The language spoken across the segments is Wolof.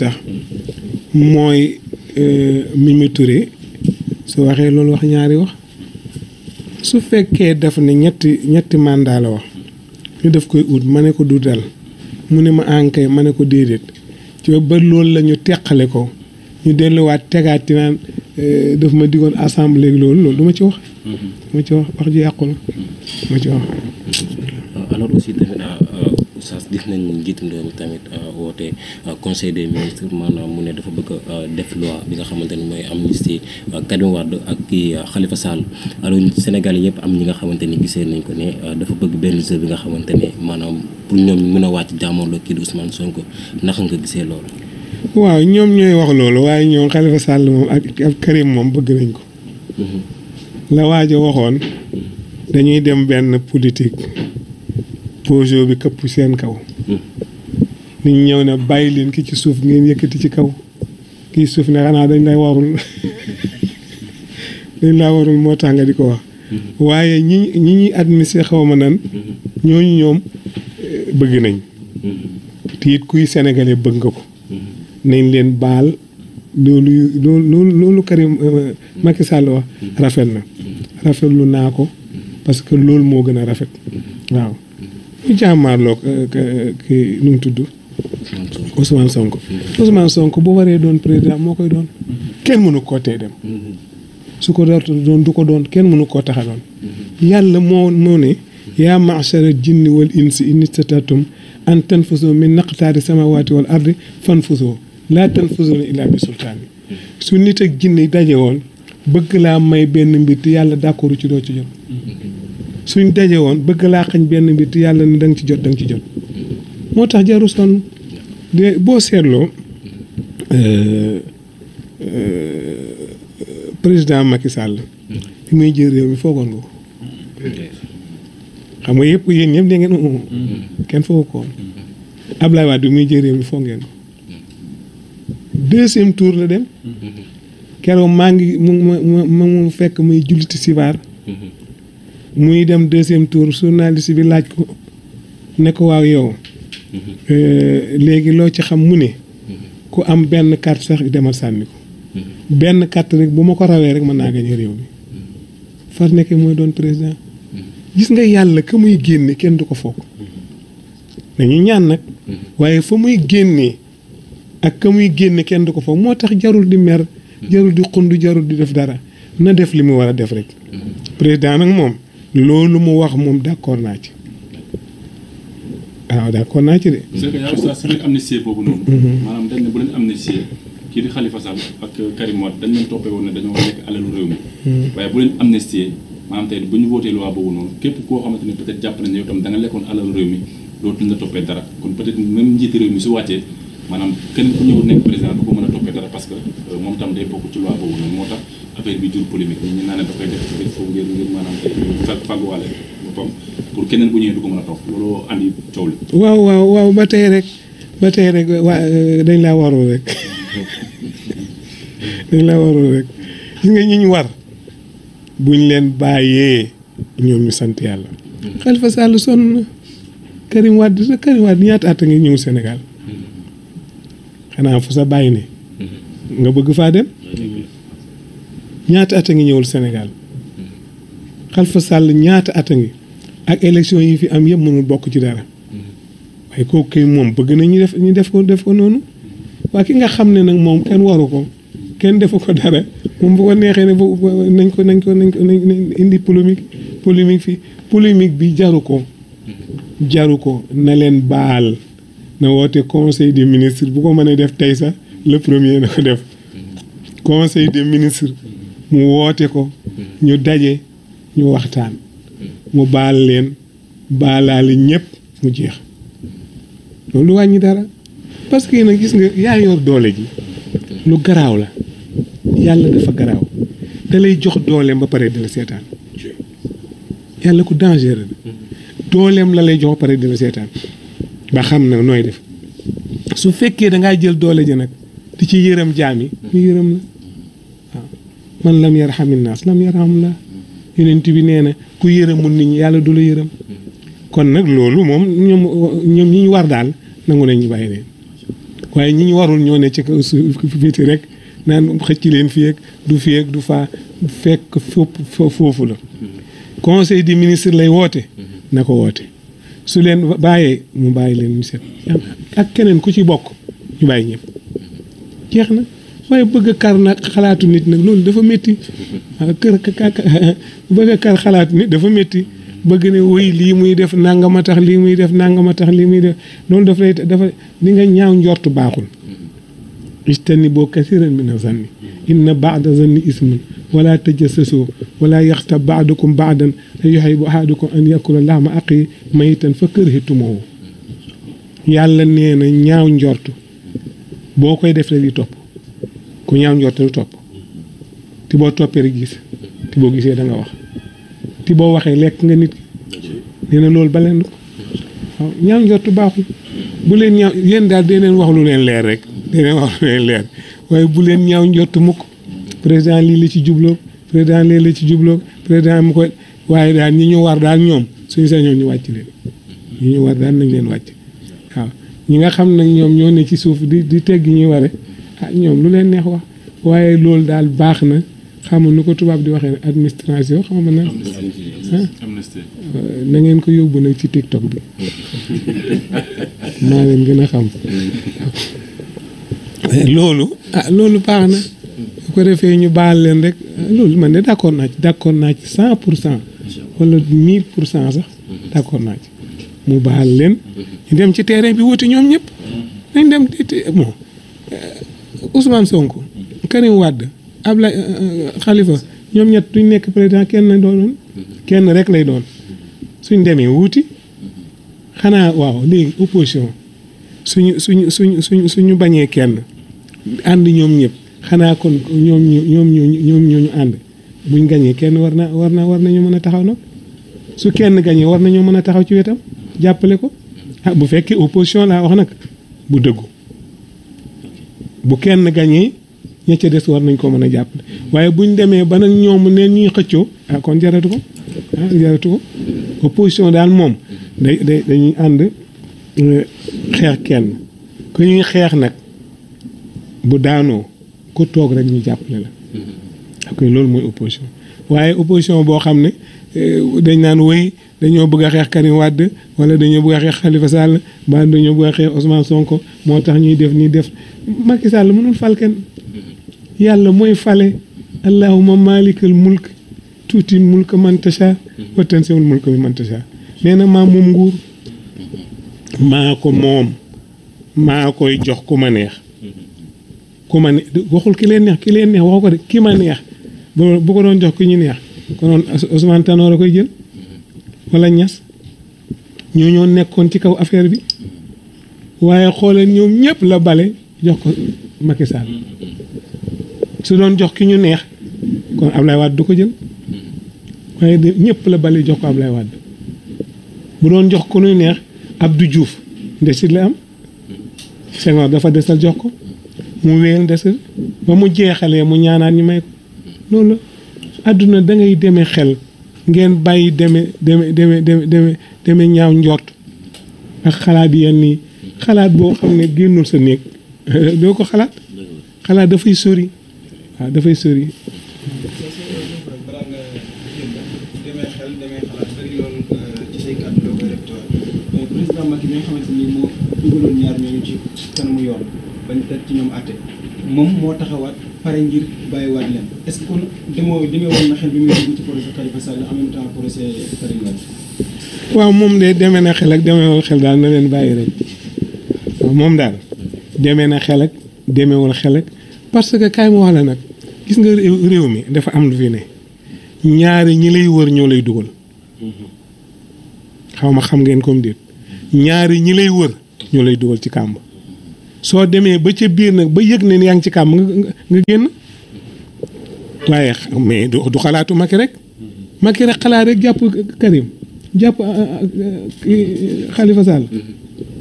tax mooy euh, mu Touré su waxee loolu wax ñaari wax su fekkee daf ne ñetti ñetti mandat la wax ñu def koy ut ma ne ko du dal mu ne ma ankay ma ne ko déedéet ci ba loolu la ñu teqale ko ñu delluwaat tegaat ci naan euh, daf ma digoon assemblée ak loolu loolu du ma ci wax. Mm-hmm. du ci wax wax ji yàqu la du ci wax. sax gis nañ njiitum réew mi tamit euh, woote euh, conseil de ministres maanaam mu ne dafa bëgg euh, def loi bi nga xamante ne mooy amnistie Karim Wade ak kii Khalifa Sall alors Sénégal yëpp am ñi nga xamante ni gisee nañ ko ne dafa bëgg benn jeu bi nga xamante ne maanaam pour ñoom ñu mën a wàcc jàmmarloo kii di Ousmane Sonko naka nga gisee loolu. waaw ñoom ñooy wax loolu waaye ñoom Khalifa Sall moom ak ak Karim moom bëgg nañ ko. Mm-hmm. la waajo waxoon mm-hmm. dañuy dem benn politique. projet bi këpp seen kaw hmm. nit ñi ne bàyyi leen ki ci suuf ngeen yëkkati ci kaw kii suuf ne xanaa dañ lay warul dañ laa warul moo tax di ko wax hmm. waaye ñi ñi ñuy xaw ma nan hmm. ñooñu ñoom eh, bëgg nañ te kuy sénégalais bëgg nga ko nañ leen baal loolu loolu loolu Karim eh, Macky wax rafet na rafetlu naa ko parce que loolu moo gën a rafet waaw ñu jàmmaarloo ki nu mu tudd Ousmane sonk Ousmane Sonko bu waree doon président moo koy doon kenn mënu koo tee mm-hmm. ko doon doon du ko doon kenn mënu koo taxa doon mm-hmm. yàlla moo moo ne yaa ma'shara jinni wal insi in istata'tum an tanfuzoo min naqtaari samawati wal ardi fanfuzoo laa tanfuzuuna illaa mm-hmm. su nit ak jinni daje woon bëgg laa may benn mbir te yàlla d'accord ci doo ci jot suñ daje woon bëgg laa xañ benn mbir yàlla ne da ci jot da ci jot moo tax jarul son de boo seetloo euh, euh, président Macky Sall bi muy jël réew mi foogoon nga ko xam nga yëpp yéen ñëpp dégg ngeen oh, oh, oh. Mm-hmm. kenn foogu ko woon Ablaye bi muy jël réew mi foog ngeen ko deuxième tour la dem mm-hmm. keroog maa ngi mu ma mu fekk muy julliti sibaar mm-hmm. muy dem deuxième tour journaliste bi laaj ko ne ko waaw yow mm-hmm. euh, léegi loo ci xam mu ne mm-hmm. ku am benn carte sax demal sànni ko mm-hmm. benn carte rek bu ma ko rawee rek mën naa gañe réew mi far nekke mooy doon président gis nga yàlla ka muy kenn du ko foog dañuy ñaan nag waaye fa muy génnee ak ka muy génne kenn du ko foog moo tax jarul di mer jarul di xund jarul di def dara na def li mu war a def rek président nag moom loolu mu wax moom d'accord naa ci ah, naa ci de. c'est que yow sax seen amnistie boobu noonu. Mhm. maanaam dañ ne bu leen amnistie kii di xalifa Sall ak Karim Wade dañ leen toppee woon ne dañoo lekk alalu réew mi. Mhm. waaye bu leen amnistie maanaam tey bu ñu voté loi boobu noonu képp koo xamante ne peut-être jàpp nañ yow tam da nga lekkoon alalu réew mi dootuñ la toppee dara kon peut-être même njiiti réew mi su wàccee maanaam kenn ku ñëw nekk président du ko mën a toppee dara parce que euh, moom tam day bokk ci loi tax. affaire waaw waaw waaw ba tey rek ba tey rek waa dañ laa warul rek dañ laa warul rek nga ñi war buñ leen bàyyee ñoom ñu sant yàlla. Khalifa Sall sonn na Karim Wade sa Karim Wade ñaata at nga ñëw Sénégal mm-hmm. xanaa fu sa bàyyi ne mm-hmm. nga bëgg faa dem. Mm-hmm. ñaata at a ngi ñëwul Sénégal Khalifa Sall ñaata at a ngi ak élection yi fi am yëpp mënul bokk ci dara waaye kooku kay moom bëgg nañ ñu def ñu def ko def ko noonu waa ki nga xam ne nag moom kenn waru ko kenn defu ko dara moom bu ko neexee ne nañ ko nañ ko nañ ko indi polémique polémique fii polémique bi jaru ko jaru ko na leen baal na woote conseil des ministres bu ko mënee def tey sax le premier na ko def conseil des ministres mu woote ko ñu daje ñu waxtaan mu baal leen baalaali ñëpp mu jeex loolu wàññi dara parce que nag gis nga yaa yor doole ji lu garaaw la yàlla dafa garaaw da lay jox dooleem ba pare di seetaan yàlla ku dangereux la dooleem la lay jox pare di la seetaan ba xam na nooy def su fekkee dangay jël doole ji nag di ci yërëm jaam mu yërëm la man lam yarhamin naas lam yarhamullah yonent bi nee na ku yërëmul nit ñi yàlla du la yërëm kon nag loolu moom ñoom ñoom ñi war daal nangu nañ ñu bàyyi leen waaye ñi ñu warul ñoo ne ci kaw suuf fiti rek naan xëcc leen fi ak du fi ak du faa fekk foofu foofu la conseil di ministres lay woote na ko woote su leen bàyyee mu bàyyi leen mu set ak keneen ku ci bokk ñu bàyyi ñëpp mooy bëgg kar nag xalaatu nit nag loolu dafa metti waaw kër bëgg dafa métti bëgg ne woy lii muy def nangama tax lii muy def nangama tax lii muy def loolu daf lay dafa li nga ñaaw njort baaxul istani boo kasiran bi a zanni inna baada zanni ismun wala tajasasoo wala yaxtab baadukum baadan te yuxibu ahadukum an yakula laxma aqi mayitan fa kërhitumuhu yàlla nee na ñaaw njort boo koy def la di topp ku ñaaw njort du topp tiboo toppee rek gis te boo gisee danga wax te boo waxee lekk nga nit ki na loolu ba leen ko waaw ñaaw njort baaxul bu leen ñaaw yéen daal dee leen wax lu leen leer rek dee leen leer waaye bu leen ñaaw njort mukk président lii la ci jubloo président lii la ci jubloo président mu ko waaye daal ñi ñu war daal ñoom suñu sa ñoom ñu wàcc leen ñi ñu war daal nañ leen wàcc waaw ñi nga xam nag ñoom ñoo ne ci suuf di di tegg ñuy ware ah ñoom lu leen neex wax waaye loolu daal baax na xamul nu ko tubaab di waxee administration xam nga nag ah. euh, na ngeen ko yóbbu nag ci tiktok bi maa leen gën a xam eh, loolu ah baax na bu ko defee ñu baal leen rek ah, loolu man ne d'accord naa ci d'accord naa ci cent pour cent wala mille pour cent sax d'accord naa ci mu baax leen mm-hmm. ñu dem ci terrain bi wuti ñoom ñëpp mm-hmm. nañ dem bon euh, Ousmane Sonko Karim Wade Ablaye euh, euh, Khalifa ñoom ñett duñ nekk président kenn lañ doon kenn rek lay doon suñ demee wuuti xanaa waaw léegi opposition suñu suñu suñu suñ suñu bañee kenn ànd ñoom ñëpp xanaa kon ñoom ñu ñoom ñu ñoom ñu ànd buñ gañee kenn war na war na war nañu mën a taxaw nag su kenn gañee war nañoo mën a taxaw ci wetam jàppale ko ah bu fekkee opposition laa wax nag bu dëggu bu kenn gañee ña ca des war nañ koo mën a jàppale waaye buñ demee ba nag ñoom neen ñuy xëccoo ah kon jaratu ko ah jaratu opposition daal moom day day dañuy ànd euh, xeex kenn ku ñuy xeex nag bu daanoo ku toog rek ñu jàppale la. Mm-hmm. ok loolu mooy opposition waaye opposition boo xam ne. Euh, dañ naan woy dañoo bëgg a xeex Karim Wade wala dañoo bëgg a xeex Khalifa Sall ba dañoo bëgg a xeex Ousmane Sonko moo tax ñuy def nii def Macky Sall mënul fal kenn yàlla mooy fale allahuma malikal mulk tuuti mulk man tasha wa tansiwul mulk bi man tasha nee na maa moom nguur maa ko moom maa koy jox ku ma neex ku ma neex waxul ki leen neex ki leen neex waxu ko de ki ma neex bu ko doon jox ki ñu neex konoon Ousmane Tanor a koy jël wala ñas ñoo ñoo nekkoon ci kaw affaire bi waaye xooleen ñoom ñëpp la bale jox ko Macky Sall su doon jox ki ñu neex kon Ablaye Wade du ko jël waaye de ñëpp la bale jox ko Ablaye Wade bu doon jox ku ñu neex Abdou Diouf ndesit la am Senghor dafa desal jox ko mu wéyal ndesit ba mu jeexalee mu ñaanaat ñu may ko loolu àdduna dangay ngay demee xel ngeen bàyyi deme deme deme deme deme ñaaw njort ak xalaat yenn xalaat boo xam ne génnul sa néeg doo ko xalaat xalaat dafay sori waaw dafay sori moom moo taxawaat pare ngir waaw moom de demee na xel ak demeewul xel daal na leen bàyyi rek moom daal demee na xel ak demeewul xel ak parce que kaay ma wax la nag gis nga réew mi dafa am lu fi ne ñaari ñi lay wër ñoo lay dugal mm-hmm. xaw ma xam ngeen comme déet ñaari ñi lay wër ñoo lay dugal ci kàmb soo demee ba ca biir nag ba yëg ne yaa ngi ci kàmm nga nga génn waaye mais du xalaatu Macky rek Macky rek xalaat rek jàpp Karim jàpp Khalifa Sall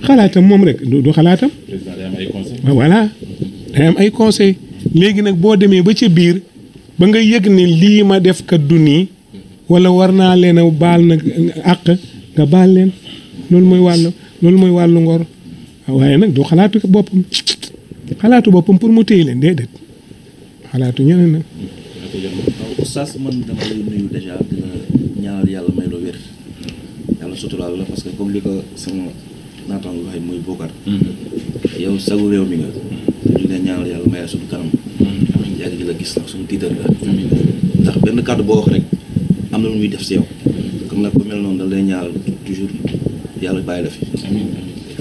xalaatam moom rek du xalaatam. voilà day am ay conseil léegi nag boo demee ba ca biir ba nga yëg ne lii ma def kat du nii wala war naa leen a baal nag àq nga baal leen loolu mooy wàllu loolu mooy wàllu ngor. waaye nag du xalaatu boppam xalaatu boppam pour mu téye leen déedéet xalaatu ñeneen nag. oustaz man dama lay nuyu dèjà di la yàlla may la wér yàlla suturaal la parce que comme li ko sama naataango waxee muy bokkar yow sagu réew mi nga. ñu ne ñaanal yàlla may suñu la gis nag suñu tiital ndax benn kàddu boo wax rek am na lu muy def si yow. comme nag ku mel noonu da lay ñaanal toujours yàlla bàyyi la fi.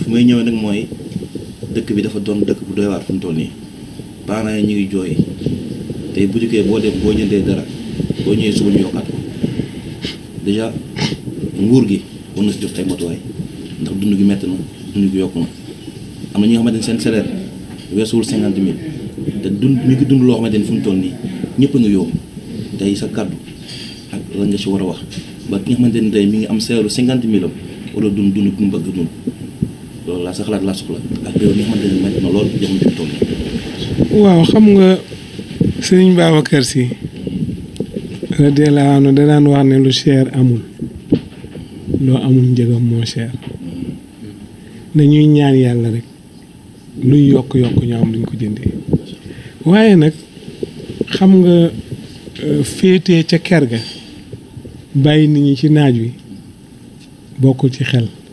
fu may ñëwee nag mooy dëkk bi dafa doon dëkk bu doy waar fu mu toll nii parents yi ñu ngi jooy tey bu boo def boo jëndee dara boo ñëwee suba ñu yokkaat ko dèjà nguur gi war na si jox tey matuwaay ndax dund gi métti na dund gi yokku na am na ñi nga xamante ne seen salaire weesuwul cinquante mille te dund ñu ngi dund loo xamante ni fu mu toll nii ñëpp a ngi yomb tey sa kàddu ak la nga si war a wax ba ki nga xamante ni tey mi ngi am salaire cinquante mille wala dund dund bu mu loolu laa sa waaw xam nga sëriñ kër Si radiyallaahu anhu danaan wax ne lu cher amul loo amul njëgam moo cher nañuy ñaan yàlla rek luy yokk yokk ñu am luñ ko jëndee waaye nag xam nga euh, féete ca ker ga bàyyi nit ñi ci naaj wi bokkul ci xel